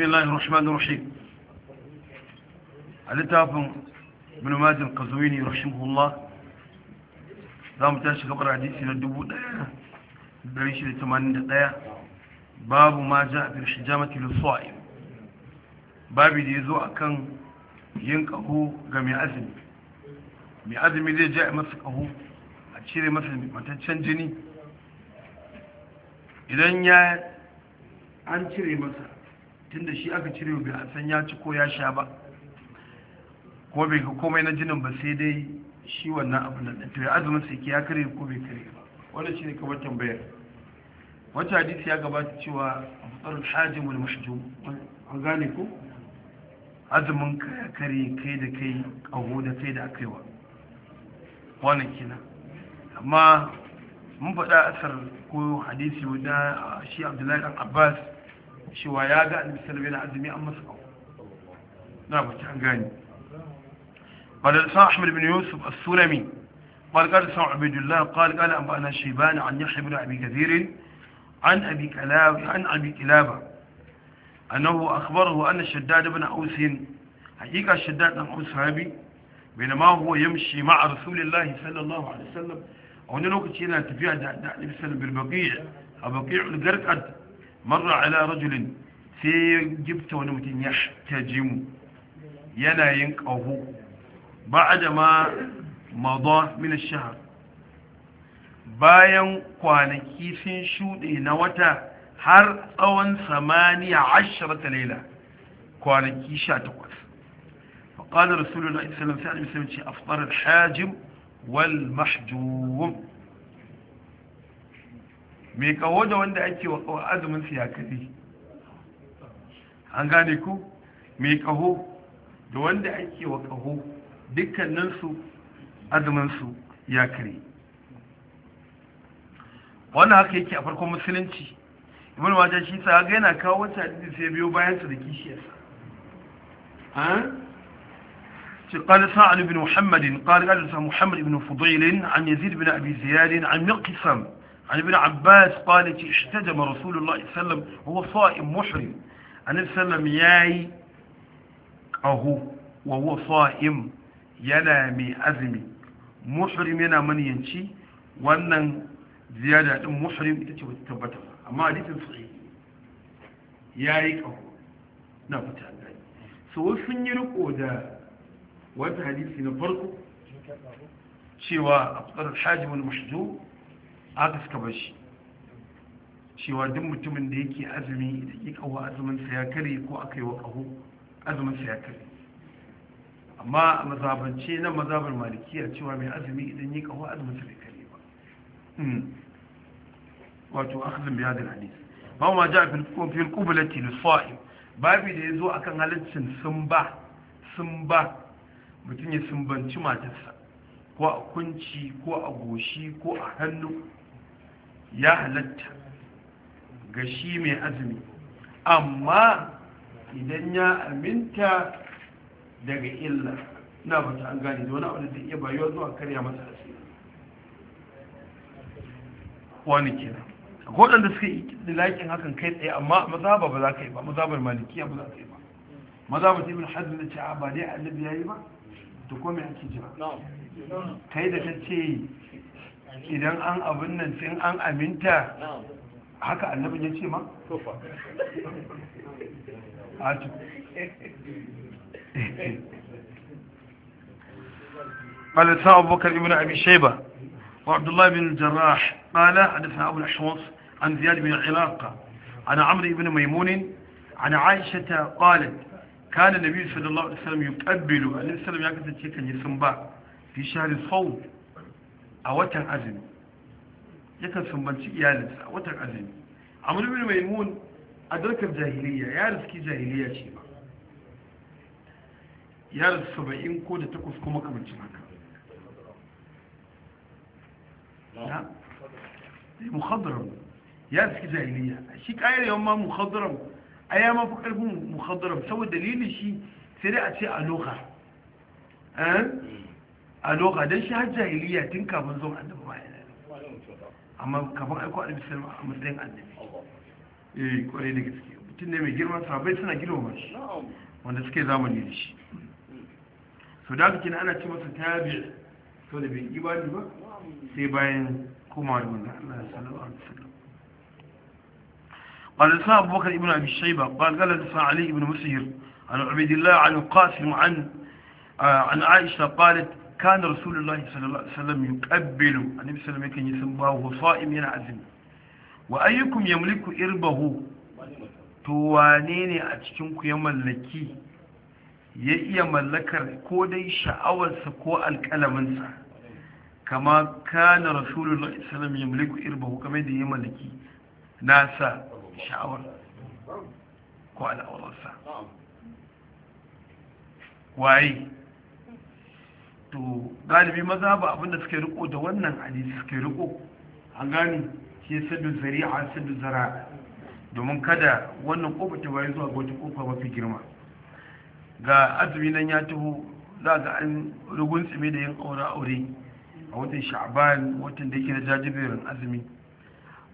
بسم الله الرحمن الرحيم الاتفاق من ماجد القزويني رحمه الله زام تاشي قبر حديثي للدبو دريش لتمانين دقايا باب ما جاء في الحجامة للصائم باب دي زوء كان ينقه قمي أزم مي أزم دي جاء مسكه أتشيري مثل متنشن جني إذن يا an cire masa tunda shi aka cire bai a san ya ci ko ya sha ba ko bai ga komai na jinin ba sai dai shi wannan abu na to ya azumin sai ya kare ko bai kare ba wannan shine kamar tambayar wata hadisi ya gabata cewa afdalul hajim wal mahjum an gane ko azumin ka kare kai da kai kaho da kai da akaiwa wannan kina amma mun faɗa asar ko hadisi wanda shi Abdullahi dan Abbas cewa ya ga annabi sallallahu alaihi azumi an قال سان أحمد بن يوسف السلمي قال قال سان عبيد الله قال قال أنبأنا شيبان عن يحيى بن أبي كثير عن أبي كلاب عن أبي كلابة أنه أخبره أن الشداد بن أوس حقيقة الشداد بن أوس هابي بينما هو يمشي مع رسول الله صلى الله عليه وسلم وأن لوكتي هنا تبيع النبي صلى الله عليه وسلم بالبقيع البقيع القرقد marra ala rajulin sai ya gifta wani mutum ya tajimu yana yin ƙaho ba'ada ma jama mazo shahar bayan kwanaki sun shuɗe na wata har tsawon samaniya ashirar ta laila kwanaki sha takwas faƙalar rasulullah islam sai a ce aftarar hajim wal mahjum mai kawo da wanda ake wa kawo azumin su ya kare an gane ku mai kawo da wanda ake wa kaho dukkaninsu azuminsu ya kare wannan haka yake a farkon musulunci ibn wajen shi sa ga yana kawo wata hadisi sai biyo bayan su da kishiyarsa qala قال ibn muhammad qala qala قال muhammad ibn فضيل an yazid ibn abi ziyad an miqsam عن ابن عباس قال اشتجم رسول الله صلى الله عليه وسلم هو صائم محرم النبي صلى الله ياي وهو صائم ينامي أزمي محرم yana maniyanci wannan ziyada din muhrim ita ce wata tabbata amma hadisin yayi kaho na fita so sun yi riko da wata hadisi na farko cewa afdal hajim aka suka bashi cewa duk mutumin da yake azumi da ke kawo azuminsa ya kare ko aka yi wa kaho azuminsa ya kare amma a mazabance na mazabar malikiya cewa mai azumi idan yi kawo azuminsa bai kare ba hmm. wato akhzin biya da hadis ba ma ja fil qublati lis sa'im babi da yazo akan halaccin sumba sumba mutum ya sumbanci matarsa ko a kunci ko a goshi ko a hannu ya halatta ga shi mai azumi amma idan ya aminta daga illa na bata an gane da wani abu da iya bayuwa zuwa karya masa asiri wani kenan akwai waɗanda suka yi laƙin hakan kai tsaye amma mazaba ba za ka yi ba mazabar malikiya ba za ka yi ba mazabar ibn hazm da cewa ba dai annabi yayi ba to ko me ake jira kai da ta ce idan an abin nan sai an aminta haka annabin ya ce ma? ƙalata abubakar ibn abishai ba wa abdullahi bin jarrah ƙala hadisun abu al-ashwas an ziyadu bin ilaka an amri ibn maimunin an aisha ta ƙalat kanin nabi sallallahu alaihi wasallam yi ƙabbilu a nisallam ya kasance kan yi sun ba fi shahararri a watan azumi ya kan sumbanci iyalinsa a watan azumi amur bin maimun a dokar jahiliya ya riski jahiliya ce ba ya riski saba'in ko da takwas kuma kamanci haka ya eh, muhadaram ya riski jahiliya shi kayar yawan ma muhadaram a ya mafi karfin muhadaram saboda dalilin shi sai dai a ce a loka a loka don shi hajji jahiliya tun kafin zuwa annabi ma yana amma kafin aiko annabi sallallahu alaihi a matsayin annabi eh kwarai da gaske mutum ne mai girma sahabbai suna girma shi wanda suke zamani da shi so da kina ana ce masa tabi so da bai yi bani ba sai bayan kuma da manzon Allah ya alaihi a قال لسان أبو بكر ابن أبي الشيبة قال قال علي بن مسهر عن عبيد الله عن قاسم عن عن عائشة قالت kana rasulullahi sallallahu alaihi wasallam yuqabbilu annabi sallallahu alaihi wasallam yakan yi sun bawo sa'im yana azumi wa ayyukum yamliku irbahu to wane ne a cikin ku ya mallaki ya iya mallakar ko dai sha'awarsa ko alƙalaminsa kama kana rasulullah islam ya mulku irbahu kamar da ya mallaki nasa sha'awar ko al'aurarsa waye to galibi maza ba abinda suke riko da wannan hadisi suke riko an gani shi sadu zari'a sadu zara domin kada wannan kofa ta bayan zuwa ga wata kofa mafi girma ga azumi nan ya taho za ga an rugun tsime da yin aure aure a watan sha'ban watan da yake na jajibirin azumi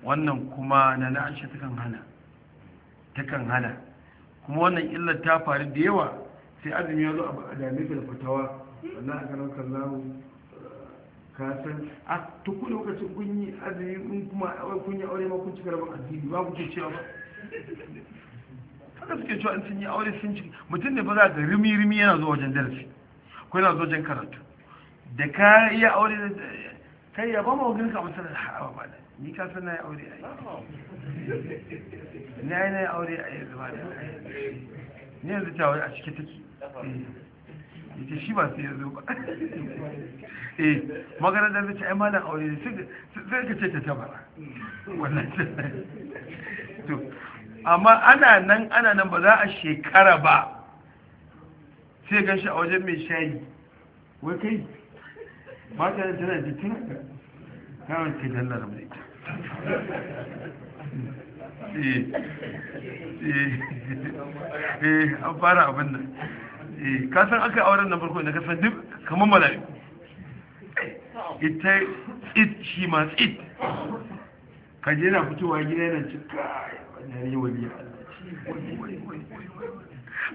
wannan kuma na na'ashi takan hana takan hana kuma wannan illar ta faru da yawa sai azumi ya zo a damisa da fatawa wannan aka nauka lawo ka a tuku lokacin kun yi azumi in kuma kun yi aure ma kun cika rabin addini ba kuke cewa ba haka suke cewa in sun yi aure sun ci mutum ne ba za ga rimi rimi yana zuwa wajen darasi ko yana zuwa wajen karatu da ka iya aure da kai ya ba ma wajen ka masalar hawa ba da ni ka san na yi aure a yi na yi na yi aure a yi gaba da Ni yanzu ta wai a cike take eh. yace shi ba sai ya zo ba eh magana da zai ai malam aure ne sai ka ce ta tabara wannan to amma ana nan ana nan ba za a shekara ba sai gan shi a wajen mai shayi wai kai ba ta nan tana jikin kawai ke dallar mai ita eh eh, eh an fara abin nan eh ka san auren na farko da ka san duk kamar mala'iku ita it shi ma it ka je na fitowa gida yana ci kai wannan ne wani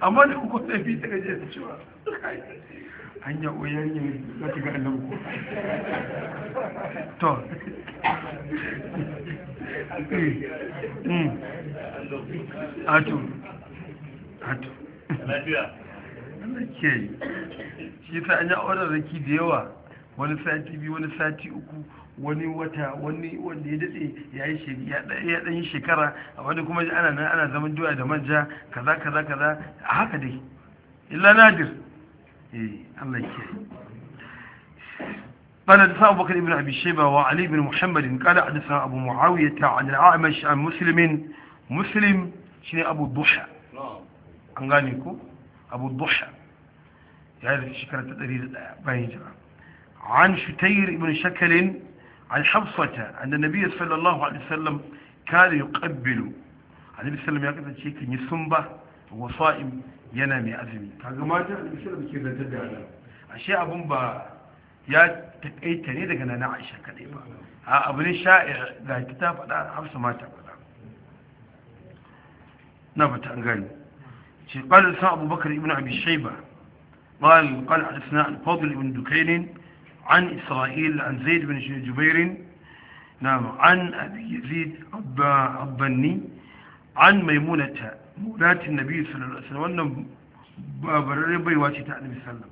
amma da kuka sai fi ta gaje da cewa hanya oyar ne za ta ga annan ko to tu, a tu. ke shi sa an yi aurarraki da yawa wani sati biyu wani sati uku wani wata wani wanda ya daɗe ya yi shekara a wani kuma ana nan ana zaman doya da manja kaza kaza kaza a haka dai illa nadir eh Allah ke قال حدثنا أبو بكر بن أبي شيبة وعلي بن محمد قال حدثنا أبو معاوية عن الأعمش عن مسلم مسلم شنو أبو الضحى أنغانيكو abu duhsha ya yi shekara ta 101 bayan jira an shutayr ibn shakalin an hafsata anna nabiyyi sallallahu alaihi wasallam kana yuqabbilu annabi sallallahu ya kasance kan yi sumba wa sa'im yana mai azumi kaga mata annabi sallallahu ke zantar da Allah ashe abun ba ya taƙaita ne daga nana Aisha kadai ba a abu ne sha'ir ga ta faɗa hafsa mata faɗa na fata an gani قال حدثنا أبو بكر بن أبي شيبة قال قال حدثنا الفضل بن دكين عن إسرائيل عن زيد بن جبير نعم عن أبي يزيد الضني عن ميمونة مولاة النبي صلى الله عليه وسلم وأنه برر بيواتي تعني النبي صلى الله عليه وسلم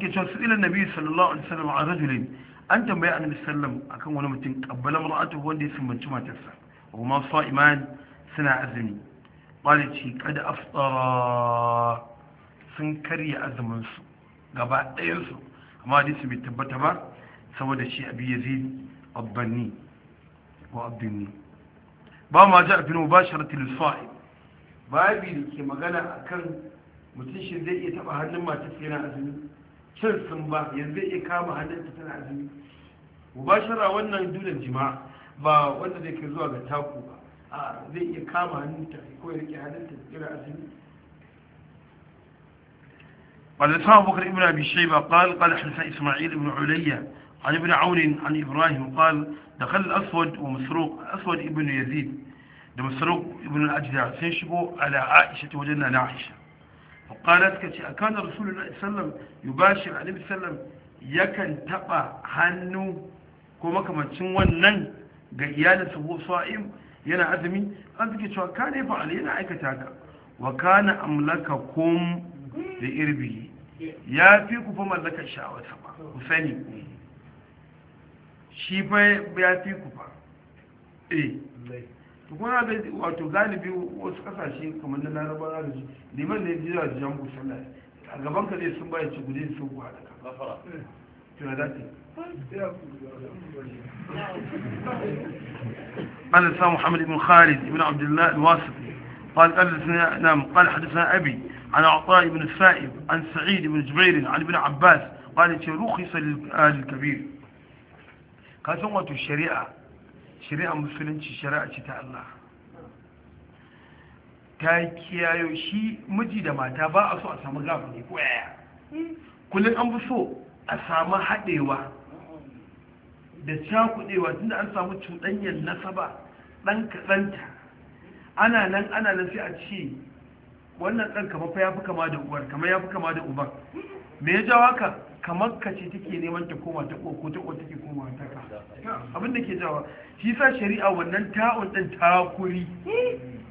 وذلك كان سئل النبي صلى الله عليه وسلم عن رجل أنت ما يعني النبي صلى الله عليه وسلم أكون ولم تنقبل امرأته وأنه يسمى جمعة السلام وهما صائمان سنة عزمي ƙwale ce kada aftara sun karya azuminsu gaba ɗayansu amma su bai tabbata ba saboda shi abi yazid abbanni wa abdini ba ma ji a finu ba sharatul sa'i babi da ke magana akan mutum shi zai iya taɓa hannun matarsa yana azumi cin sun ba yanzu zai iya kama hannunta tana azumi mubashara wannan dunan jima'a ba wanda zai kai zuwa ga taku ba a zai iya kama hannun ta ko ya rike hannun ta tsira azumi قال لسان أبو بكر ابن أبي شيبة قال قال حدثنا إسماعيل بن علية عن ابن عون عن إبراهيم قال دخل الأسود ومسروق أسود ابن يزيد مسروق ابن الأجدع سنشبه على عائشة وجدنا لعائشة وقالت كتي أكان رسول الله صلى الله عليه وسلم يباشر عليه وسلم يكن تبع هنو كما كما تنوان نن قيادة هو صائم yana azumi an suke cewa ka ne fa'al yana aikata ka wa kana amlaka kum da irbi ya fi ku fa mallakar sha'awata ba ku sani shi fa ya fi ku fa eh to kuma da wato galibi wasu kasashe kamar na laraba da su liman ne jira da ku sallah a gaban ka zai sun bayan ci guje sun ku haɗa ka gafara to da dace قال الإسلام محمد بن خالد بن عبد الله الواسطي قال قال نعم قال حدثنا أبي عن عطاء بن السائب عن سعيد بن جبير عن ابن عباس قال رخص للآل الكبير كاتم واتو الشريعة شريعة مسلمة شريعة تاع الله ta kiyayo shi miji da mata ba a so a samu gafani kwaya kullum an fi so a samu haɗewa da cakudewa tunda an samu cuɗanyar nasaba ɗan kaɗanta ana nan ana nan sai a ce wannan ɗan kama ya fi kama da uwar kama ya fi kama da uban me ya jawo haka kamar ka ce take neman ta koma ta ko ta ko take koma ta ka abin da ke jawo shi sa shari'a wannan ta'un ɗin takuri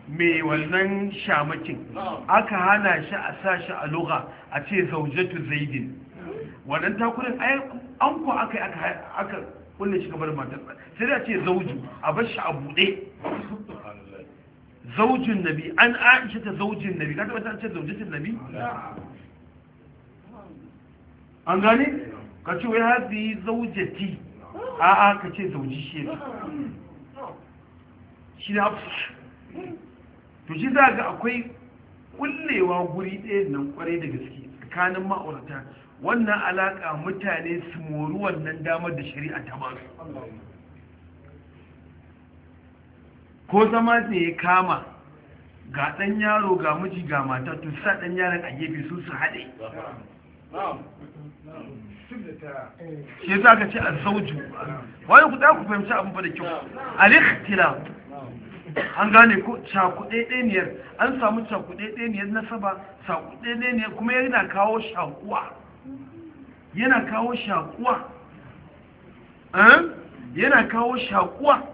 mai wannan shamakin aka hana shi a sa shi a lugha a ce zaujatu zaidin wannan takurin an ko aka aka kulle shi gabar matarsa sai da ce zauji a bar shi a buɗe zaujin nabi an aisha ta zaujin nabi ka taɓa ta ce zaujin nabi an gane ka ce wai hazi zaujati a'a ka ce zauji shi ne shi na to shi za ga akwai kullewa guri ɗaya nan kwarai da gaske tsakanin ma'aurata wannan alaka mutane su mori wannan damar da shari'a ta ba su ko zama ne ya kama ga ɗan yaro ga miji ga mata to sa ɗan yaron a gefe su su haɗe shi za ka ce a sauju wani ku ku fahimci abin ba da kyau aliktila an gane ko cakuɗe an samu cakuɗe na saba, cakuɗe ɗaniyar kuma yana kawo shakuwa yana kawo shakuwa yana kawo shakuwa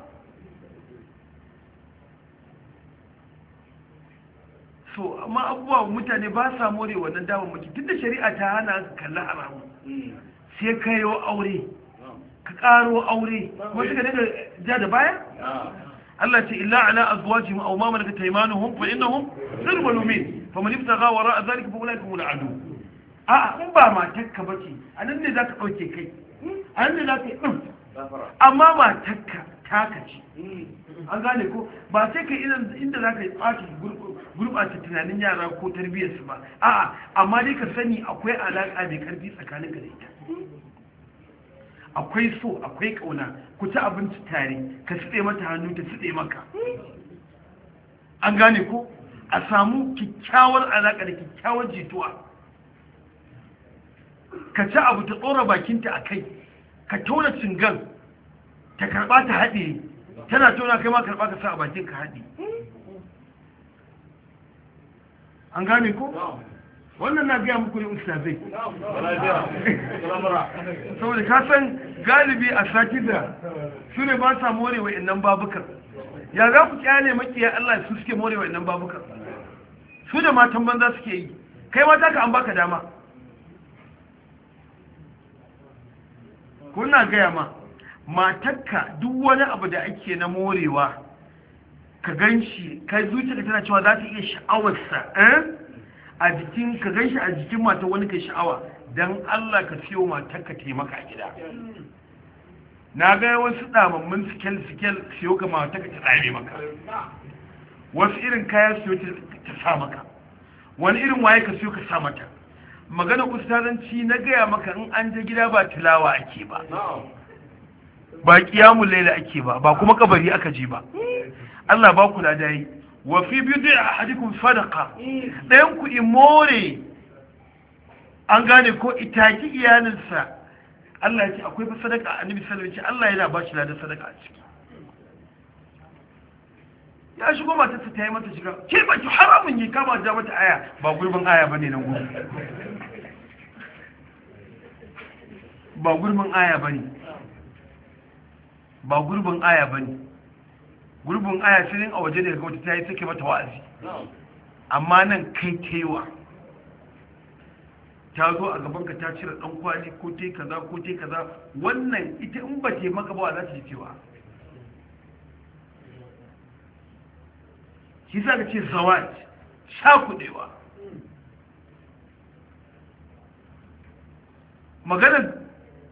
so amma abubuwa mutane ba sa more wannan damar mutu tun da shari'a ta hana kalla haramu sai ka yi aure ka karo aure wasu ka daga ja da baya Allah ce illa ala azwajihim aw ma malakat aymanuhum fa innahum ghayru malumin faman ibtagha wara'a dhalika fa ulaika hum al-adu a'a in ba matakka ba ce a nan ne za ka ɗauke kai a nan ne za ka yi ɗin mm. amma matakka taka ce an gane ko ba sai ka inda za ka yi ɓata gurɓata tunanin yara ko tarbiyyarsu ba a'a amma dai ka sani akwai alaƙa mai ƙarfi tsakanin ka da ita akwai so akwai ƙauna ku ci abinci tare ka siɗe mata hannu ta siɗe maka an gane ko a samu kyakkyawar alaƙa da kyakkyawar jituwa ka ci abu ta tsora bakinta a kai ka tona cingan ta karɓa ta haɗe tana tona kai ma karɓa ka sa a bakin ka haɗe an gane ko wannan na gaya muku ne ustazai saboda ka san galibi a sati da su ne ba sa more wa innan babukan ya za ku kyale makiya Allah su suke more wa innan babukan su da matan banza suke yi kai mata ka an baka dama kuna gaya ma matakka duk wani abu da ake na morewa ka gan shi ka zuciya tana cewa za ta iya sha'awarsa eh? a jikin ka gan shi a jikin mata wani ka sha'awa don Allah ka siyo matakka taimaka a gida na gaya wasu damammin sikel sikel siyo ka matakka ta tsari maka wasu irin kayan siyo ta sa maka wani irin waye ka siyo ka sa mata magana ustazanci na gaya maka in an je gida ba tilawa ake ba ba kiyamu laila ake ba ba kuma kabari aka je ba Allah ba ku da wa fi bidu ahadikum sadaqa dan ku imore an gane ko itaki iyalinsa Allah ya ce akwai fa sadaka annabi sallallahu alaihi wasallam Allah yana ba shi ladan sadaka a ciki ya shigo mata ta yi mata shiga ke ba ki haramun yi kama ja mata aya ba gurbin aya ba ne nan gudu ba gurbin aya ba ne ba gurbin aya ba ne gurbin aya sai a waje ya wata ta yi take mata wa'azi amma nan kai wa, ta zo a ka ta cire dan kwali ko yi kaza ko yi kaza wannan ita in ba yi maka ba za ta yi wa? shi za ka ce zawaj shakudewa maganar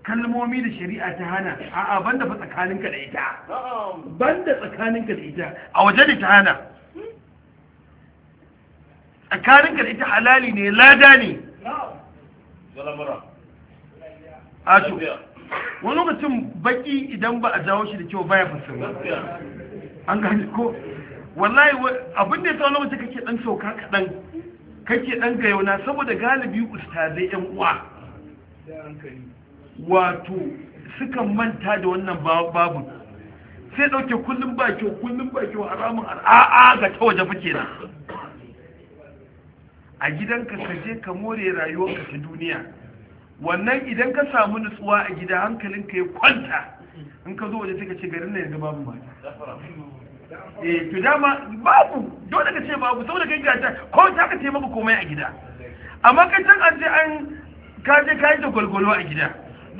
kalmomi da shari'a ta hana a'a banda fa tsakaninka da ita banda tsakaninka da ita a waje da ta hana tsakaninka da ita halali ne lada ne ashu wani lokacin baki idan ba a jawo shi da kyau baya fasirin an gani ko wallahi abin da ya tsawon lokaci kake dan sauka kaɗan kake dan gayauna saboda galibi ustazai yan uwa wato suka manta da wannan babu sai ɗauke kullum ba kyau kullum ba kyau haramun a'a ga ta waje fuke na a gidanka ka je ka more rayuwarka ta duniya wannan idan ka samu nutsuwa a gida hankalinka ya kwanta in ka zo waje sai ka ce garin na yanzu babu mata eh to dama babu dole ka ce babu saboda kai gata ko ta ka ce maka komai a gida amma kai can an ce an ka je ka yi da gwalgwalo a gida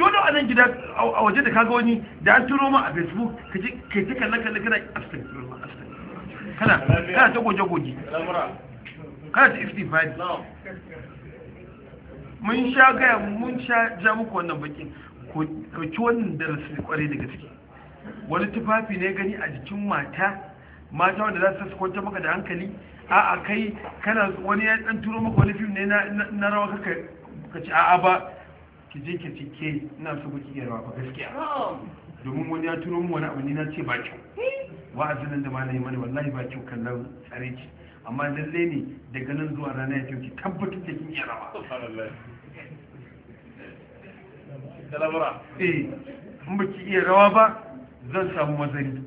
dole a nan gida a waje da kaga wani da an turo ma a facebook ka je kai ta kallon kallon kana astagfirullah astagfirullah kana kana ta goge goge kana ta istifadi mun sha gaya mun sha ja muku wannan bakin ku ɗauki wannan darasi kwarai da gaske wani tufafi ne gani a jikin mata mata wanda za su kwanta maka da hankali a a kai kana wani ya dan turo maka wani fim ne na rawa kaka ka ci a'a ba ki je ki cike ina so ku iya rawa ba gaskiya domin wani ya turo mu wani abu ne na ce ba kyau wa'azin nan da malai mani wallahi ba kyau kallon tsare ki amma lalle ne daga nan zuwa rana ya kyau ki tabbatar da kin iya rawa eh in ba ki iya rawa ba zan samu mazari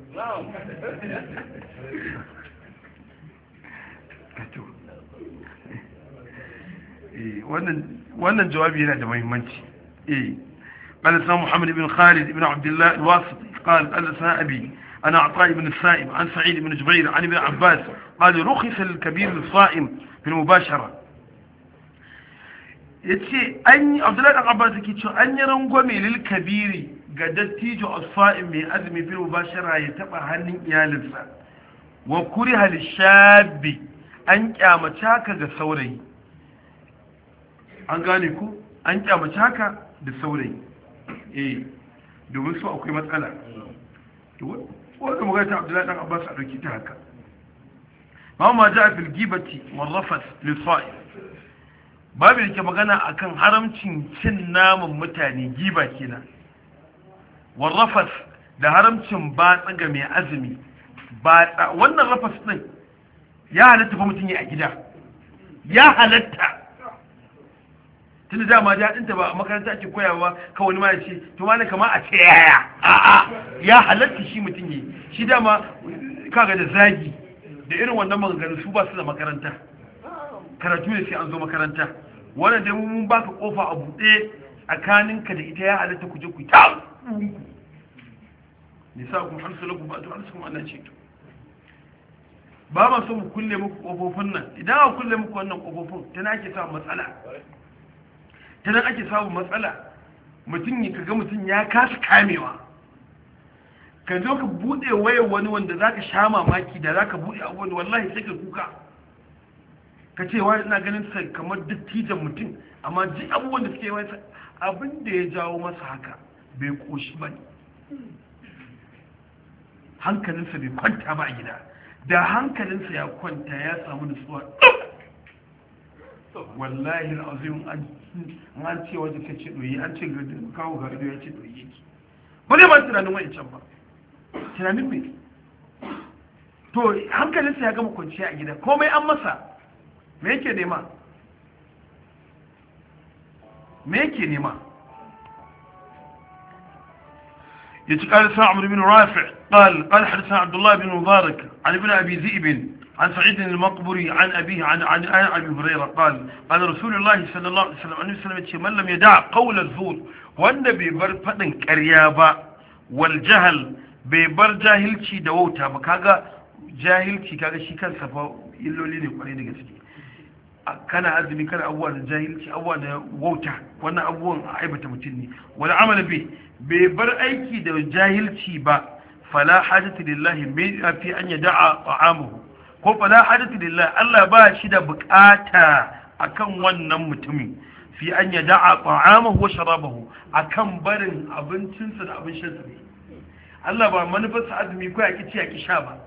wannan jawabi yana da muhimmanci قال سلام محمد بن خالد بن عبد الله الواسطي قال قال سلام أبي أنا أعطاء بن السائب عن سعيد بن جبير عن ابن عباس قال رخص الكبير للصائم في المباشرة yace an yi abdullahi dan abbas yake cewa an yi rangwame lil kabiri ga dattijo asfa'in mai azumi bil mubashara ya taba hannun iyalinsa wa kuriha lishabi an kyamace haka ga saurayi an gane ku an kyamace haka da saurayi eh domin su akwai matsala wanda magana ta abdullahi dan abbas a dauki ta haka ma ma ja fil gibati wal rafas lil sa'il babu yake magana akan haramcin cin naman mutane giba kenan warrafas da haramcin batsa ga mai azumi batsa wannan rafas din ya halatta fa mutum ya a gida ya halatta tun da ma ta ba a makaranta ake koyawa ka wani ma ce to ma kama a ce yaya a'a ya halatta shi mutum yi shi dama kaga da zagi da irin wannan maganganu su ba su da makaranta karatu ne sai an zo makaranta wannan dai mun baka kofa a buɗe tsakaninka da ita ya halatta ku je ku ta nisa'ukum hamsu lakum fa'tu hamsukum Allah ce to ba ma so mu kulle muku kofofin nan idan aka kulle muku wannan kofofin ta na ake samun matsala ta nan ake samun matsala mutum ya kaga mutum ya kasa kamewa ka zo ka buɗe wayar wani wanda za ka sha mamaki da za ka buɗe a wani wallahi sai ka kuka ka ce wani ina ganin sa kamar dattijan mutum amma ji abubuwan da suke mai abin da ya jawo masa haka bai koshi ba ne? hankalinsa bai kwanta ba a gida da hankalinsa ya kwanta ya samu nutsuwa wallahi azim an ce wajen ta ce doyi an ce gardin kawo ga ido ya ce doyi yake ba zai ba tunanin wani can ba tunanin mai to hankalinsa ya gama kwanciya a gida komai an masa me yake nema me yake nema قال سعى عمر بن رافع قال قال حدثنا عبد الله بن مبارك عن ابن أبي ذئب عن سعيد المقبري عن أبيه عن عن أبي هريرة قال قال رسول الله صلى الله عليه وسلم أن صلى الله وسلم من لم يدع قول الزور والنبي بر فدن كريابا والجهل ببر جاهلتي دوتا بكاغا jahilci kaga shi kansa fa illoli ne kwarai da gaske kana azumi kana abuwa na jahilci abuwa na wauta wannan abubuwan a aibata mutum ne wani amala bai bai bar aiki da jahilci ba fala hajjata lillahi mai fi an yada a amuhu ko fala hajjata lillahi allah ba shi da bukata akan wannan mutumin fi an yada a ta'amahu wa sharabahu kan barin abincinsa da abin shansa ne allah ba manufarsa azumi ko ya ki ci ya ki sha ba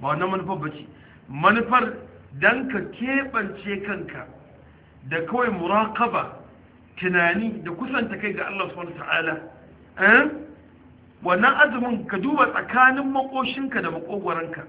ba wannan manufar ba ce manufar don ka keɓance kanka da kawai muraƙaba tunani da kusanta kai ga Allah subhanahu ta'ala eh? wannan azumin ka duba tsakanin makoshinka da makogwaranka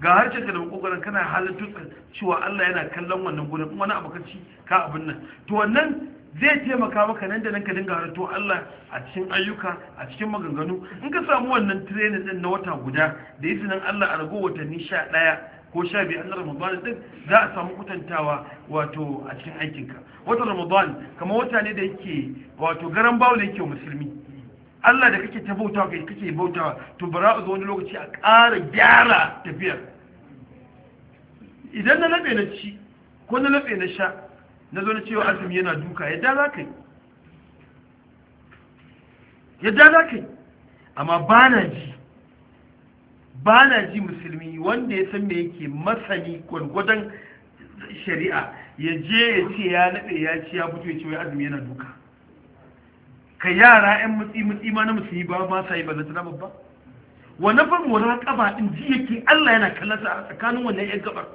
ga ka da makogwaran kana halittu cewa Allah yana kallon wannan gurin wani abu ka ci ka abin nan to wannan zai taimaka maka nan da nan ka dinga haratto Allah a cikin ayyuka a cikin maganganu in ka samu wannan training din na wata guda da izinin Allah a ragowar watanni 11 ko sha biyu an ramadan din za a samu kutantawa wato a cikin aikinka wata ramadan kamar wata ne da yake wato garan bawo da yake musulmi Allah da kake ta bautawa kai kake bautawa to bara zo wani lokaci a ƙara gyara tafiyar idan na labe na ci ko na labe na sha na zo na cewa azumi yana duka yadda za ka yi yadda za ka yi amma ba na ji ba na ji musulmi wanda ya san me yake masani gwargwadon shari'a ya je ya ce ya naɗe ya ci ya fito ya ce wai azumi yana duka ka yara yan mutsi mutsi ma na musulmi ba ma sai ba zata na babba wannan fa mura kaba din ji yake Allah yana kallon sa a tsakanin wannan yan gabar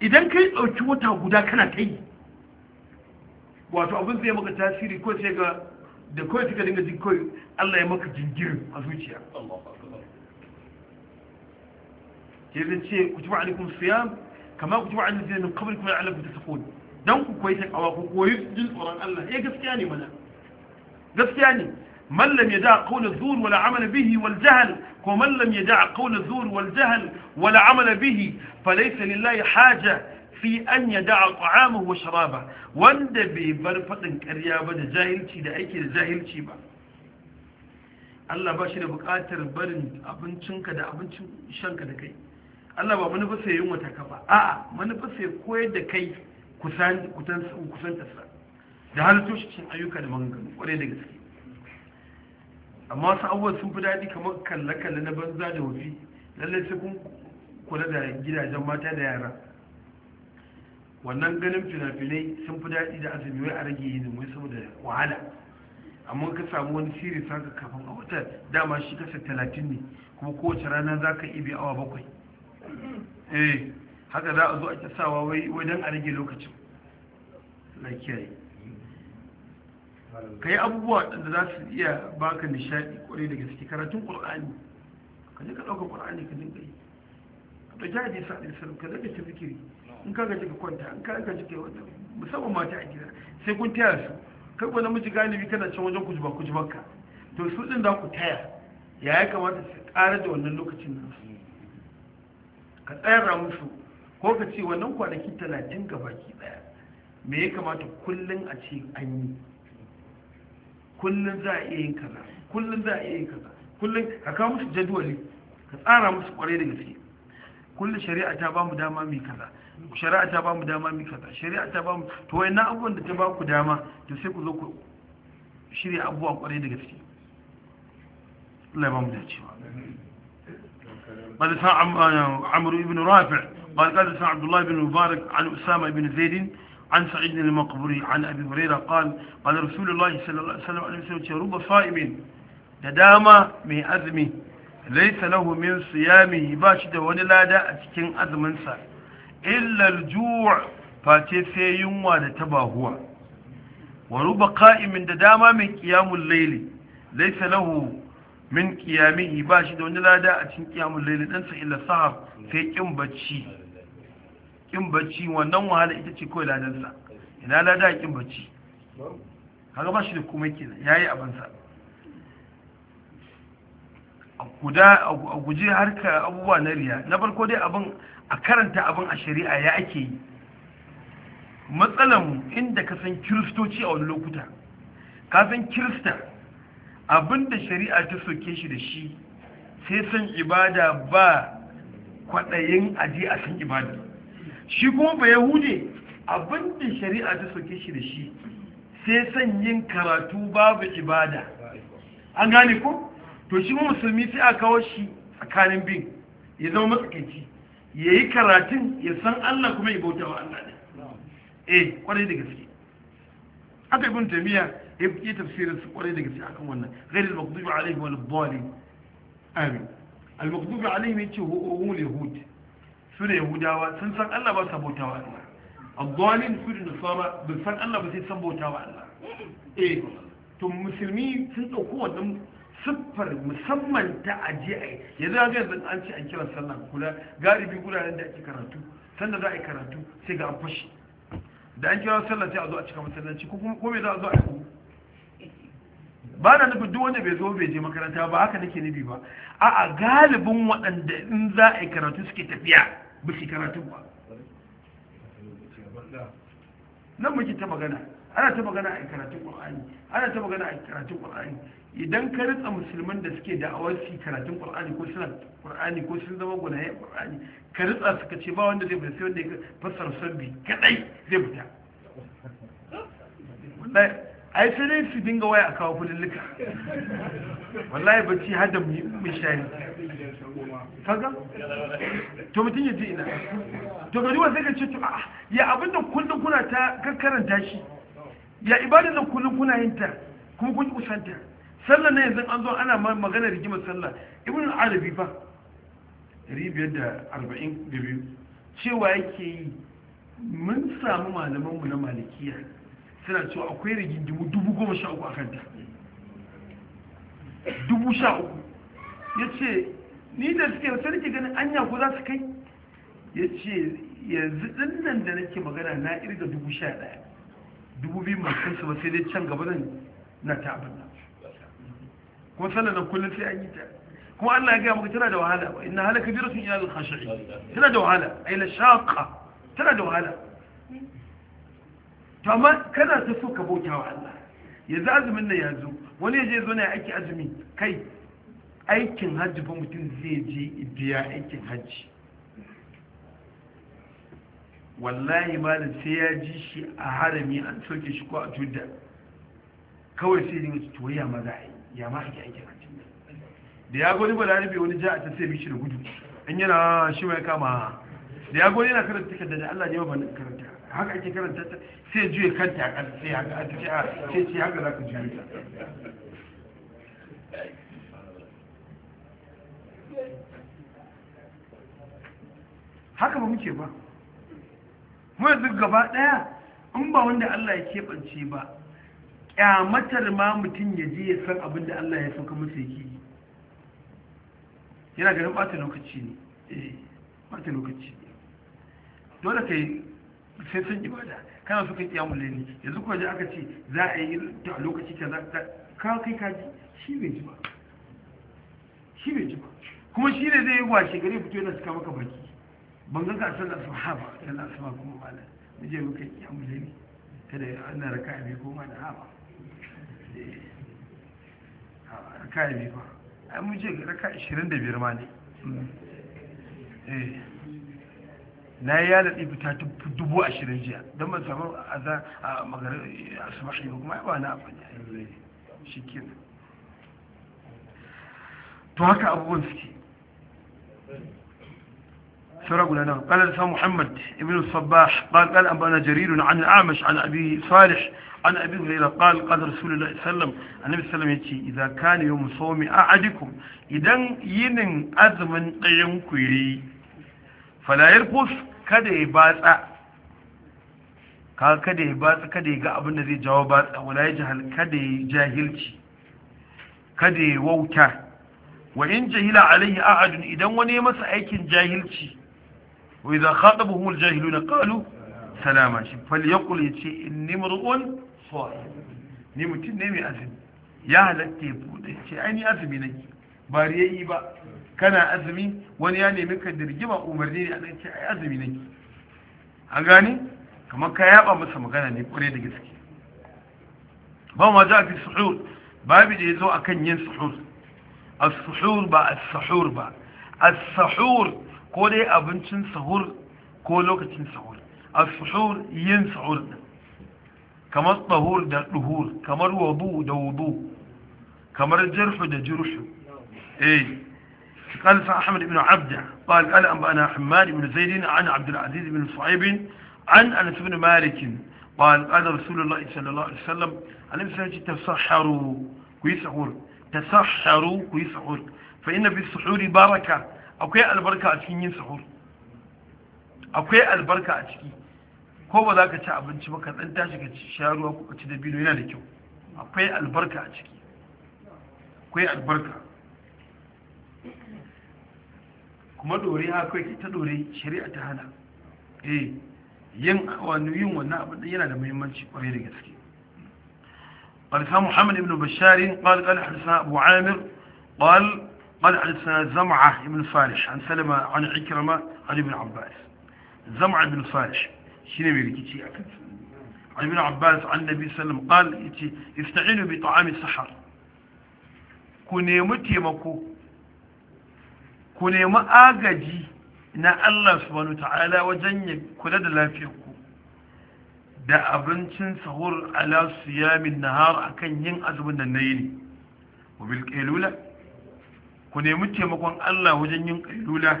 idan kai dauki wata guda kana kai wato abin zai maka tasiri ko sai ga da kawai suka dinga jin kawai Allah ya maka jingirin a zuciya kirin ce ku ji ba'alikun siyam kamar ku ji ba'alikun siyam kamar ku ba'alikun ta tafiyon don ku kwai ta kawa tsoron Allah ya gaskiya ne mana gaskiya ne mallam ya da kauna zuwa wala bihi wal ko mallam ya da kauna zuwa wal jahal wala amala bihi fa laysa haja fi an yada ta'amahu wa sharaba wanda bai bar fadin karya ba da jahilci da ake da jahilci ba Allah ba shi da buƙatar barin abincinka da abincin shanka da kai Allah ba manufa ya yin wata kafa a a'a manufa sai koyar da kai kusantarsa da halittu shi cikin ayyuka da maganganu kware da gaske amma wasu abubuwan sun fi daɗi kamar kalle-kalle na banza da wafi lallai sai kun kula da gidajen mata da yara wannan ganin fina-finai sun fi daɗi da azumi wai a rage yin wai saboda wahala amma ka samu wani siri saka kafin a wata dama shi kasa talatin ne kuma kowace rana za ka ibi awa bakwai eh haka za a zo a tasawa wai wajen a rage lokacin na kiyaye ka yi abubuwa da za su iya baka nishadi kwarai da gaske karatun ƙur'ani ka je ka ɗauka ƙur'ani ka dinga yi ka ɗauki hadisi a ɗaisar ka zaga ta fikiri. in ka gaji ka kwanta in ka gaji ka yi wata musamman mata a gida sai kun taya su kai ko namiji galibi kana can wajen kujuba kujubanka to su ɗin za ku taya ya ya kamata su ƙara da wannan lokacin nasu ka tsara musu ko ka ce wannan kwanaki talatin ga baki daya me ya kamata kullum a ce an yi kullum za a iya yin kaza kullum za a iya yin kaza kullum ka kawo musu jadwali ka tsara musu kwarai da gaske kullum shari'a ta ba mu dama mai kaza shari'a ta ba mu dama mai kaza shari'a ta ba mu to wai na abubuwan da ta ba ku dama to sai ku zo ku shirya abubuwan kwarai da gaske Allah ya ba mu dacewa قال دفاع عمرو بن رافع قال قال دفاع عبد الله بن مبارك عن أسامة بن زيد عن سعيد المقبري عن أبي هريرة قال قال رسول الله صلى الله عليه وسلم رب صائم ندامة من أذمه ليس له من صيامه باشد ولا داء cikin azuminsa illa al-ju' face sai yunwa da tabahuwa wa ruba qa'imin da dama mai qiyamul layli laysa lahu min qiyamihi ba shi da wani lada a cikin qiyamul layl dan sa illa sahab sai kin bacci kin bacci wannan wahala ita ce kawai ladan sa ina lada kin bacci kaga ba shi da komai kenan yayi abin sa a guje harka abubuwa na riya na farko dai abin a karanta abin a shari'a ya ake yi matsalan inda ka san kiristoci a wani lokuta ka san kirista abinda shari'a ta soke shi da shi sai san ibada ba kwaɗayin aji a san ibada shi kuma ba yahude abinda shari'a ta soke shi da shi sai san yin karatu babu ibada an gane ko to shi musulmi sai a kawo shi tsakanin bin ya zama matsakaici ya yi karatun ya san allah kuma ya bauta wa allah ne eh kwarai da gaske aka ibin tamiya yi tafsirin su kwarai da gaske akan wannan ghairil maghdubi alaihim wal dhalin amin al maghdubi sun san Allah ba sa bautawa Allah ad-dhalin su san Allah ba bautawa Allah eh, to musulmi sun siffar musamman ta ajiye ya ga yanzu an ce an kira sallah kula galibi kula da ake karatu sannan za a yi karatu sai ga an fashi da an kira sallah sai a zo a cika masallaci ko kuma kome za a zo a yi ba na nufin duk wanda bai zo bai je makaranta ba haka nake nufi ba a'a galibin waɗanda in za a yi karatu suke tafiya ba su karatu ba nan muke ta magana ana ta magana a karatun qur'ani ana ta magana a karatun qur'ani idan ka ritsa musulman da suke da'awar su karatun qur'ani ko suna ƙwar'ani ko sun zama gunaye qur'ani ka ritsa su ka ce ba wanda zai fita sai wanda ya fassara sabbi kadai zai fita ai sai dai su dinga waya a kawo lika wallahi bacci har da mu shari kaga to mutum ya ji ina to gari wa zaka ka ce to a'a ya abinda kullum kuna ta kakkaranta shi ya ibadar da kullum kuna yin ta kuma kun kusanta sallah na yanzu an zo ana magana rigimar sallah ibn arabi fa 542 cewa yake yi mun samu mu na malikiya suna cewa akwai rigingimu dubu goma sha uku a kanta dubu sha uku ya ce ni da suke wata rike ganin anya ko za su kai ya ce yanzu dinnan da nake magana na irga dubu sha ɗaya dubu biyu masu su ba sai dai can gaba zan na ta abin nan kuma sannan nan kullum sai an yi ta kuma allah ya gaya maka tana da wahala ba ina halaka biyar sun ina da tana da wahala ai la shaqa tana da wahala to amma kana ta so ka wa Allah yanzu azumin nan ya zo wani ya je zo ne aiki azumi kai aikin hajji fa mutum zai je biya aikin hajji wallahi malam sai ya ji shi a harami an soke shi ko a tudda kawai sai ne wasu to ya maza yi ya ma aiki aikin hajji da ya gani ba larabe wani ja a ta sai mishi da gudu in yana shi mai kama da ya gani yana karanta takarda da Allah ne ba karanta haka ake karanta ta sai juya kanta a ƙasa sai haka a ce a ce ce haka za ka juya ta haka ba muke ba mu yanzu gaba ɗaya in ba wanda Allah ya keɓance ba ƙyamatar ma mutum ya je ya san abin da Allah ya sauka masa yake yi yana ganin ɓata lokaci ne eh ɓata lokaci dole ka sai san ibada kana so kai kiyamul layli yanzu ko je aka ce za a yi ta lokaci kaza ka kai ka ji shi bai ji ba shi bai ji ba kuma shi ne zai yi washe gare fito yana suka maka baki ban ga ka san da sahaba yana asma kuma mala mu je muka kiyamul layli kada ana raka a ko ma da haba eh, raka'a bi ba ai mu je raka 25 ma ne hmm. eh na yi yada ɗi fita dubu ashirin jiya don ba samu a za a magana a su mashi ba kuma yawa na abin ya to haka abubuwan suke sura guda nawa kalar sa muhammad ibn sabah kan an bana jaridun an amash an abi salih an abi hurairah qala qala rasulullah sallam annabi sallam yace idan kana yawm sawmi a'adikum idan yinin azumin dayan kuri fala yarfus kada ya batsa kada ya batsa kada ya ga abin da zai jawo batsa wala ya jahal kada ya jahilci kada ya wauta wa in jahila alaihi ahadun idan wani ya masa aikin jahilci wa idza khatabahu aljahiluna qalu salama shi yaqul yace inni mar'un sahih ni mutum ne mai azumi ya halatta ya bude ce ai ni azumi nake bari yayi ba kana azumi wani ya nemi ka dirgima umarni ne a nan ce ai azumi ne an gane kamar ka yaba masa magana ne kure da gaske ba ma za fi suhur babu da ya zo akan yin suhur as-suhur ba as-suhur ba as-suhur ko dai abincin suhur ko lokacin suhur. as-suhur yin suhur kamar tsahur da duhur kamar wabu da wudu kamar jirhu da jirhu eh قال فأحمد بن عبده قال قال أنبأنا حماد بن زيد عن عبد العزيز بن صعيب عن أنس بن مالك قال قال رسول الله صلى الله عليه وسلم أنا مسألة تسحروا كيسحور تسحروا كيسحور فإن في السحور بركة أكوية البركة أتكين سحور أكوية البركة أتكين ko ba za ka ci abinci ba ka ɗan tashi ka ci sha ruwa ko ka ci dabino yana da kyau akwai albarka a ciki akwai albarka kuma dore hakoki ta dore shari'a ta hana eh yin wannan wannan yana da muhimmanci kwarai da gaske qala muhammad ibn bashar qala qala hasan abu amir qala قال حدثنا زمعة بن فارش عن سلمة عن عكرمة عن ابن عباس زمعة بن فارش شنو بيكتي عن ابن عباس عن النبي صلى الله عليه وسلم قال ku nemi agaji na Allah subhanahu ta'ala wajen ya kula da lafiyarku da abincin sahur ala siyamin nahar akan yin azumin da nayi ne wa bil qailula ku nemi taimakon Allah wajen yin qailula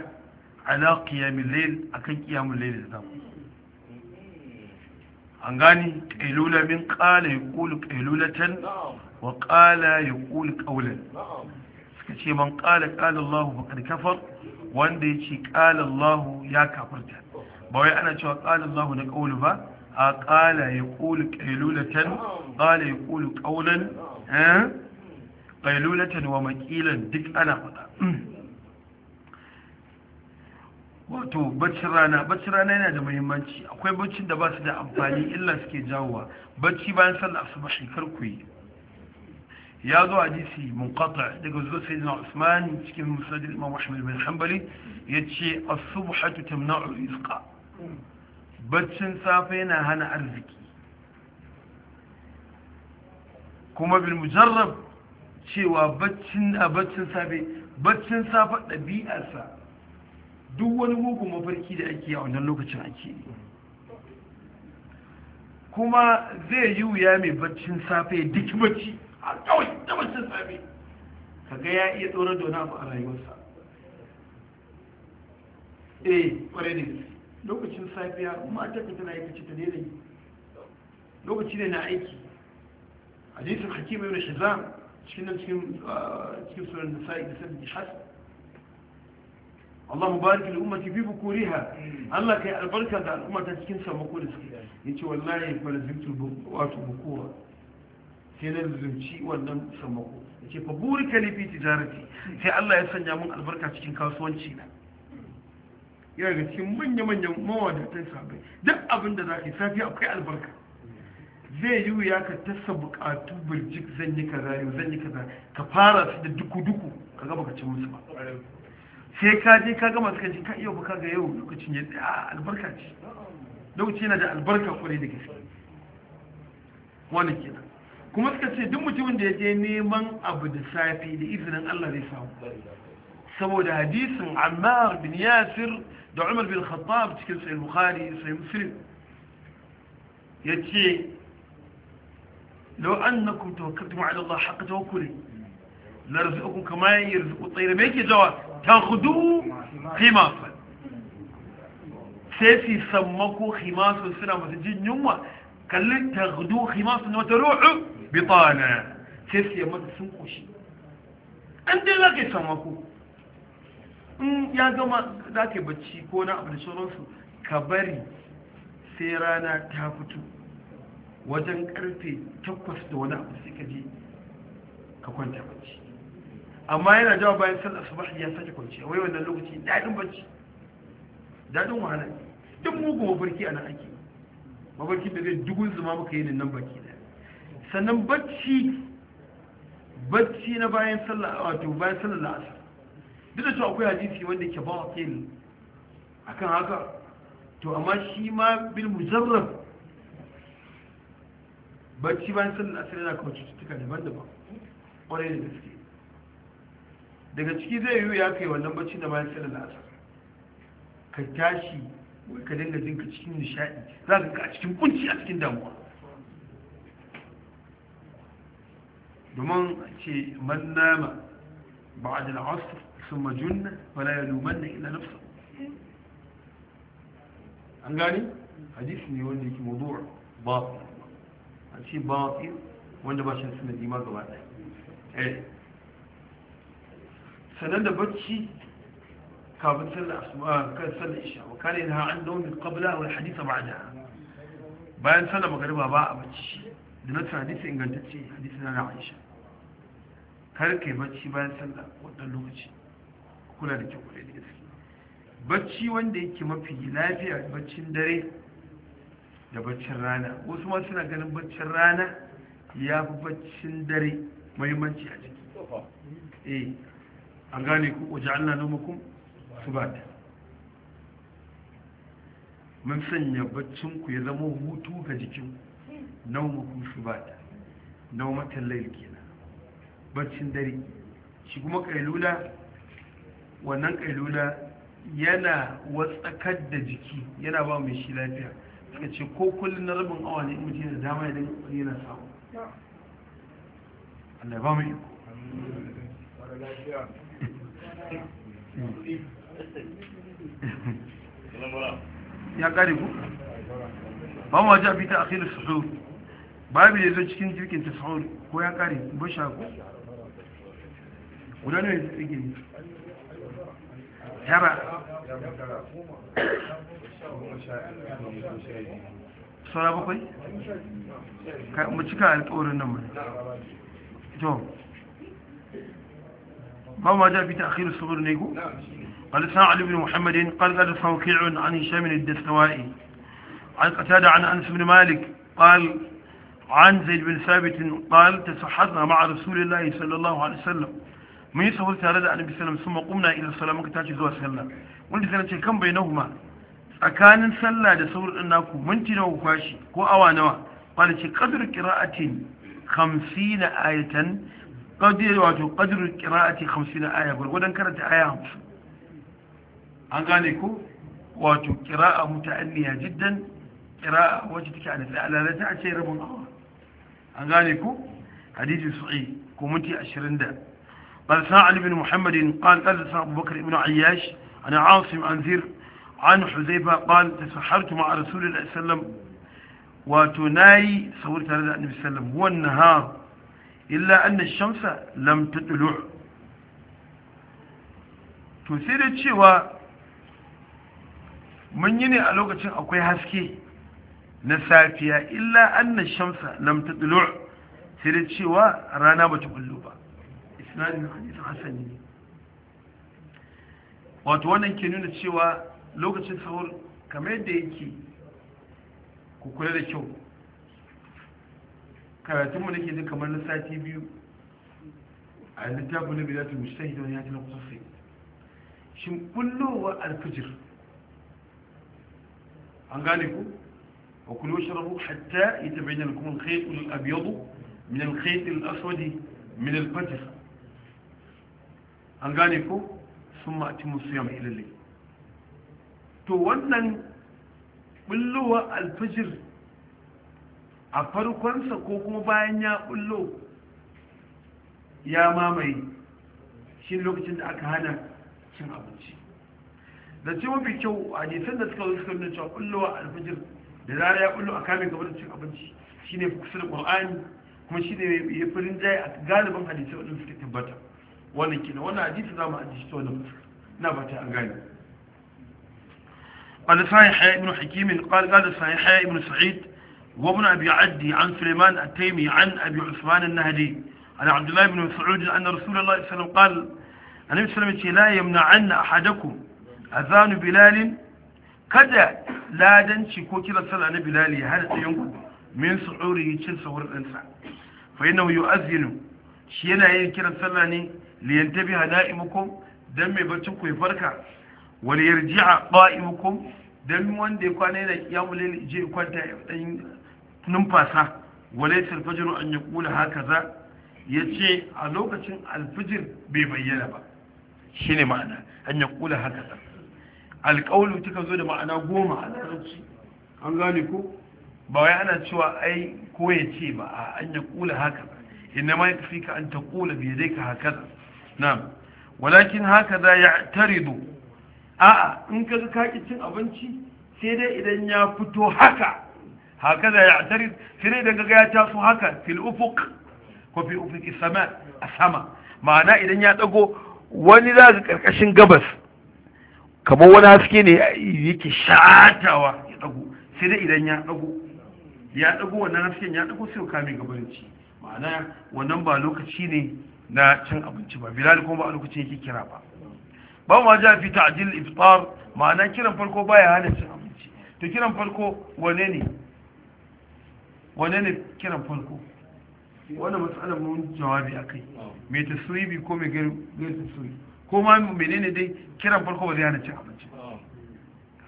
ala qiyamil layl akan qiyamul layl da ku an gani qailula min qala yaqulu qailulatan wa qala yaqulu qawlan ce man qala qala Allah faqad kafar wanda yace qala Allah ya kafirta ba wai ana cewa qala Allah da kaulu ba a qala yaqulu qailulatan qala yaqulu qawlan eh qailulatan wa maqilan duk ana faɗa wato baccin rana baccin rana yana da muhimmanci akwai baccin da ba su da amfani illa suke jawowa bacci bayan sallar asuba shekar ku yi ya zo a hadisi munqata daga zuwa sayyidina Usman cikin musnad Imam Ahmad bin Hanbali yace as-subhatu tamna'u rizqa baccin safe yana hana arziki kuma bin mujarrab cewa baccin a baccin safe baccin safe ɗabi'arsa duk wani mugun mafarki da ake a wannan lokacin ake kuma zai yi wuya mai baccin safe duk bacci a kawai da mutum sami kaga ya iya tsoron da wani abu a rayuwarsa eh kware ne lokacin safiya mata ka tana aikace ta daidai lokaci ne na aiki hadisin hakim ibn shazam cikin nan cikin ah, cikin da nisa'i da sanin jihad Allah mubarak li ummati fi bukuriha Allah kai albarka ga al'umma ta cikin samako da suke yace wallahi fa lazimtu wato bukura kenan na wannan sammako ya ce fa burika lifi tijarati sai Allah ya sanya mun albarka cikin kasuwanci na yana ga cikin manya-manyan mawadatan sabai duk abin da za ka yi safi akwai albarka zai yi ya ka tasa bukatu birjik zan yi kaza yau zan yi kaza ka fara su da duku-duku ka gaba ka ci musu ba sai ka je ka gama suka ji ka iya buka ga yau lokacin ya tsaya ah, albarka ce lokaci yana da albarka kwarai da gaske wani kenan kuma suka ce duk mutumin da ya je neman abu da safi da izinin Allah zai samu saboda hadisin Ammar bin Yasir da Umar bin Khattab cikin Sahih Bukhari Sahih Muslim yace law annakum tawakkaltum ala Allah haqqa tawakkuli la rizqukum kama yarzuqu at-tayr me yake jawa takhudu khimafa sai fi sammako khimasu suna masu jin yunwa kallin takhudu khimasu na wata ru'u bitana sai su yi mata sun koshi an dai za ka yi sama ko, in ya gama za ka yi bacci ko na abu da sauransu ka bari sai rana ta fito wajen karfe takwas da wani abu sai ka je ka kwanta bacci amma yana jawa bayan sallar subah ya sake kwanciya wai wannan lokaci daɗin bacci daɗin wahala duk mugun mafarki a nan ake mafarki da zai dugun zuma maka yi nan baki sannan bacci bacci na bayan sallah wato bayan sallah na asar duk da cewa akwai hadisi wanda ke a akan haka to amma shi ma bil mujarrab bacci bayan sallah asar yana kawo cututtuka daban-daban kwarai da gaske daga ciki zai yiwu ya kai wannan bacci na bayan sallah na asar ka tashi ka dinga jinka cikin nishaɗi, za ka a cikin kunci a cikin damuwa domin ce man nama ba a jina asir sun majunna wala ya luman na ila nafsa an gani hadis ne wanda yake mudur ba a ce ba a wanda ba shi suna dima gaba ɗaya eh. sannan da bacci kafin sallar asuba kan sallar isha wa kana yanha an dawmi qabla wal hadith da bayan sallar magriba ba a bacci da na hadisi ingantacce hadisi na Aisha ka yi bacci bayan sallah wannan lokaci kula da kyau da gaske bacci wanda yake mafi lafiya baccin dare da baccin rana wasu ma suna ganin baccin rana ya fi baccin dare muhimmanci a jiki eh an gane ku waje allah na makon su ba da mun sanya baccin ku ya zama hutu ga jikin nau makon su ba da naumatan lail kenan baccin dare shi kuma kailula wannan kailula yana watsakar da jiki yana ba mai shi lafiya suka ce ko kullum na rabin awa ne mutum da dama idan yana samu Allah ba mai ya kare ku ba mu waje a fita filin suhuri babu ya zo cikin jirgin tasawur ko ya kare ba shako guda nawa yanzu tsige ne tara saura bakwai mu ما ما جاء في تأخير الصبر نيكو قال سنا علي بن محمد قال قال فوكيع عن هشام الدستوائي عن قتادة عن أنس بن مالك قال عن زيد بن ثابت قال تسحرنا مع رسول الله صلى الله عليه وسلم mun yi sahur tare da annabi sallam Suma, maƙumna ila sallah muka tashi zuwa sallah wanda sai ce kan bai bainahuma tsakanin sallah da sahur din naku minti nawa kwashi ko awa nawa qala ce qadru qira'atin 50 ayatan qadru wato qadru qira'ati 50 aya gurgudan karanta aya 50 an gane ko wato qira'a muta'alliya jiddan qira'a wacce take a nasa alala ta ce rabin awa an gane ko hadisi sahih ko minti 20 da قال سعد بن محمد قال قال أبو بكر بن عياش عن عاصم عن زر عن حذيفة قال تسحرت مع رسول الله صلى الله عليه وسلم وتناي صورت هذا النبي صلى الله عليه وسلم هو النهار إلا أن الشمس لم تطلع تثير cewa mun yi ne a lokacin akwai haske na safiya illa anna shamsa lam tatlu sai da cewa rana bata kullu ba isnadin hadith hasani ne wato wannan ke nuna cewa lokacin sahur kamar yadda yake ku kula da kyau karatunmu da ke ji kamar na sati biyu a ta littafin na bidatun mustahid wani yakin kusurfe shin kullowa alfijir an gane ku wa kullo sharabu hatta ita bayyana kuma alkhaitul abyadu min alkhaitul aswadi min alfajir an gane ko sun mati musu yam ilalle to wannan bullowa alfajir a farkonsa ko kuma bayan ya bullo ya mamaye shi lokacin da aka hana cin abinci da ce mafi kyau a nisan da suka suka nuna cewa bullowa alfajir da zara ya bullo a kamin gaba da cin abinci shine da ƙwar'ani kuma shi ne ya fi rinjaye a galibin hadisai wadanda suke tabbata wannan kina wannan hadisi za mu hadisi to nan na fata an gane قال صحيح ابن حكيم قال قال صحيح ابن سعيد وابن أبي عدي عن سليمان التيمي عن أبي عثمان النهدي عن عبد الله بن مسعود أن رسول الله صلى الله عليه وسلم قال النبي صلى الله عليه وسلم لا يمنعن أحدكم أذان بلال kada ladanci ko kiran sallah na bilali ya hada tsayin min su'uri cin sahur ɗinsa fa yana yu'azzinu shi yana yin kiran sallah ne liyantabi hada'imukum dan mai baccin ku farka wal yarji'a ba'imukum dan wanda ya kwana yana kiyamul layl je kwanta dan numfasa walai alfajr an yaqula hakaza yace a lokacin alfijir bai bayyana ba shine ma'ana an yaqula hakaza alqawlu tuka zo da ma'ana goma a tsarki an gane ko ba wai ana cewa ai ko yace ba an yaqula hakaza ma yakfika an taqula bi yadayka hakaza na'am walakin haka za ya taridu a'a in ka ga kaki cin abinci sai dai idan ya fito haka haka za ya tarid sai dai daga ga ya taso haka fil ufuq ko fi ufuq sama a sama ma'ana idan ya dago wani za ga karkashin gabas kamar wani haske ne yake shatawa ya dago sai dai idan ya dago ya dago wannan hasken ya dago sai ka mai gabanci ma'ana wannan ba lokaci ne na cin abinci ba bilal kuma ba a lokacin yake kira ba ba ma ja fi ta'dil iftar ma'ana kiran farko baya hana cin abinci to kiran farko wane ne wane ne kiran farko wannan matsalar mun jawabi akai me tasribi ko me gari tasribi ko ma menene dai kiran farko ba zai hana cin abinci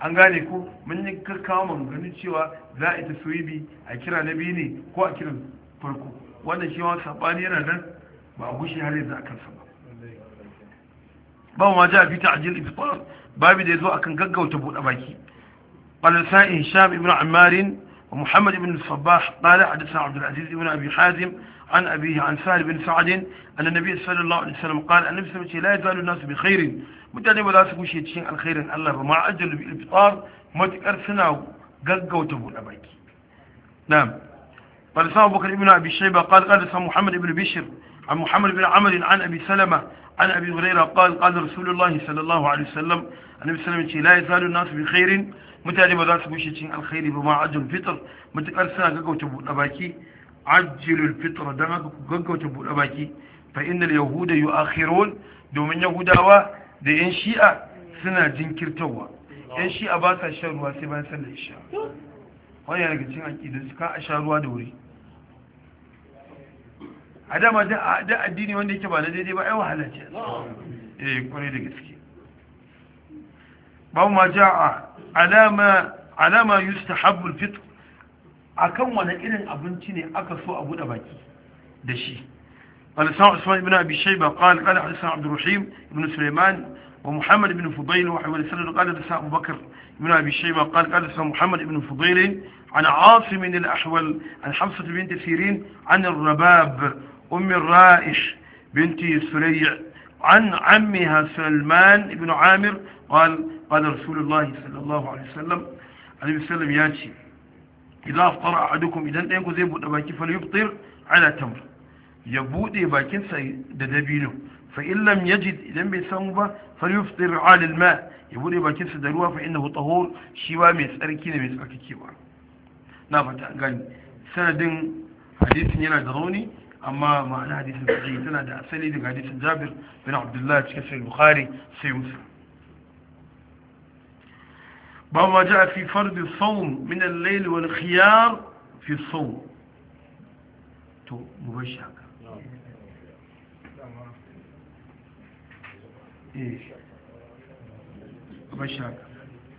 an gane ko mun yi kakkawa ganin cewa za a yi tasribi a kira na biyu ne ko a kiran farko wannan shi ma sabani yana nan ما هو شيء هل يذاك السبب باب ما جاء في تعجيل الإفطار باب إذا ذاك نجج وتبول أباكي قال سائل هشام ابن عمار ومحمد بن الصباح قال حدثنا عبد العزيز ابن أبي حازم عن أبيه عن سهل بن سعد أن النبي صلى الله عليه وسلم قال أن النبي صلى لا يزال الناس بخير متعني ولا سكوش يتشين عن خير الله رمع أجل بالإفطار ما تكرسنا قلق وتبول أبيك نعم قال سام بكر ابن أبي الشيبة قال قال سام محمد بن بشر عن محمد بن عمر عن أبي سلمة عن أبي هريرة قال قال رسول الله صلى الله عليه وسلم النبي صلى الله لا يزال الناس بخير mutane ba za su bushe cin alkhairi ba ma ajin fitar matukar suna gaggauta buɗe baki ajilul fitar don haka ku gaggauta buɗe baki fa innal yahuda yu'akhirun domin yahudawa da yan shi'a suna jinkirtawa yan shi'a basa sa shan ruwa sai bayan sallar isha daga cikin aqidar su a sha ruwa da wuri adama da addini wanda yake ba na daidai ba ai wahala ce eh kwarai da gaske ba ma ja'a alama alama yustahabul fitr akan wani irin abinci ne aka so a bude baki da shi قال سمع عثمان بن أبي شيبة قال قال حدثنا عبد الرحيم بن سليمان ومحمد بن فضيل وحول سنة قال حدثنا أبو بكر بن أبي شيبة قال قال حدثنا محمد بن فضيل عن عاصم الأحول عن حفصة بنت سيرين عن الرباب أم الرائش بنت سريع عن عمها سلمان بن عامر قال قال رسول الله صلى الله عليه وسلم عليه وسلم ياتي إذا أفطر أحدكم إذا أنكم زي بودا باكي فليفطر على تمر يبودي باكين سيدبينه فإن لم يجد إذا بيسمه فليفطر على الماء يبودي باكين سدروا فإنه طهور شوا ميسأركين ميسأركي كيوا نعم قال سندين حديث ينا دروني amma ma'ana hadisin sahihi tana da asali daga hadisin Jabir bin Abdullah cikin sahih Bukhari sai Muslim ba ma ja fi fardi sawm min al-layl wal khiyar fi sawm to mu bar shi haka eh bar shi haka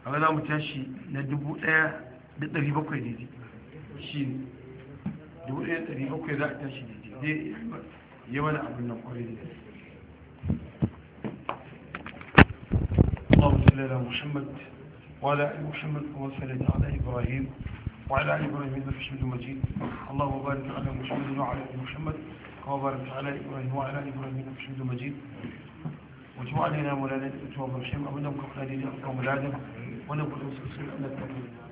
haka za mu tashi na 1700 daidai shi ne 1700 za a tashi ne zai yi mana abin nan kwarai اللهم صل على محمد وعلى ال محمد كما على ابراهيم وعلى ال ابراهيم انك حميد مجيد اللهم بارك على محمد وعلى ال محمد كما باركت على ابراهيم وعلى ال ابراهيم في الشمس مجيد وتب علينا مولانا انك تواب الرحيم أبنا كفنا لنا القوم العدم ونبغي نصر انك تقبل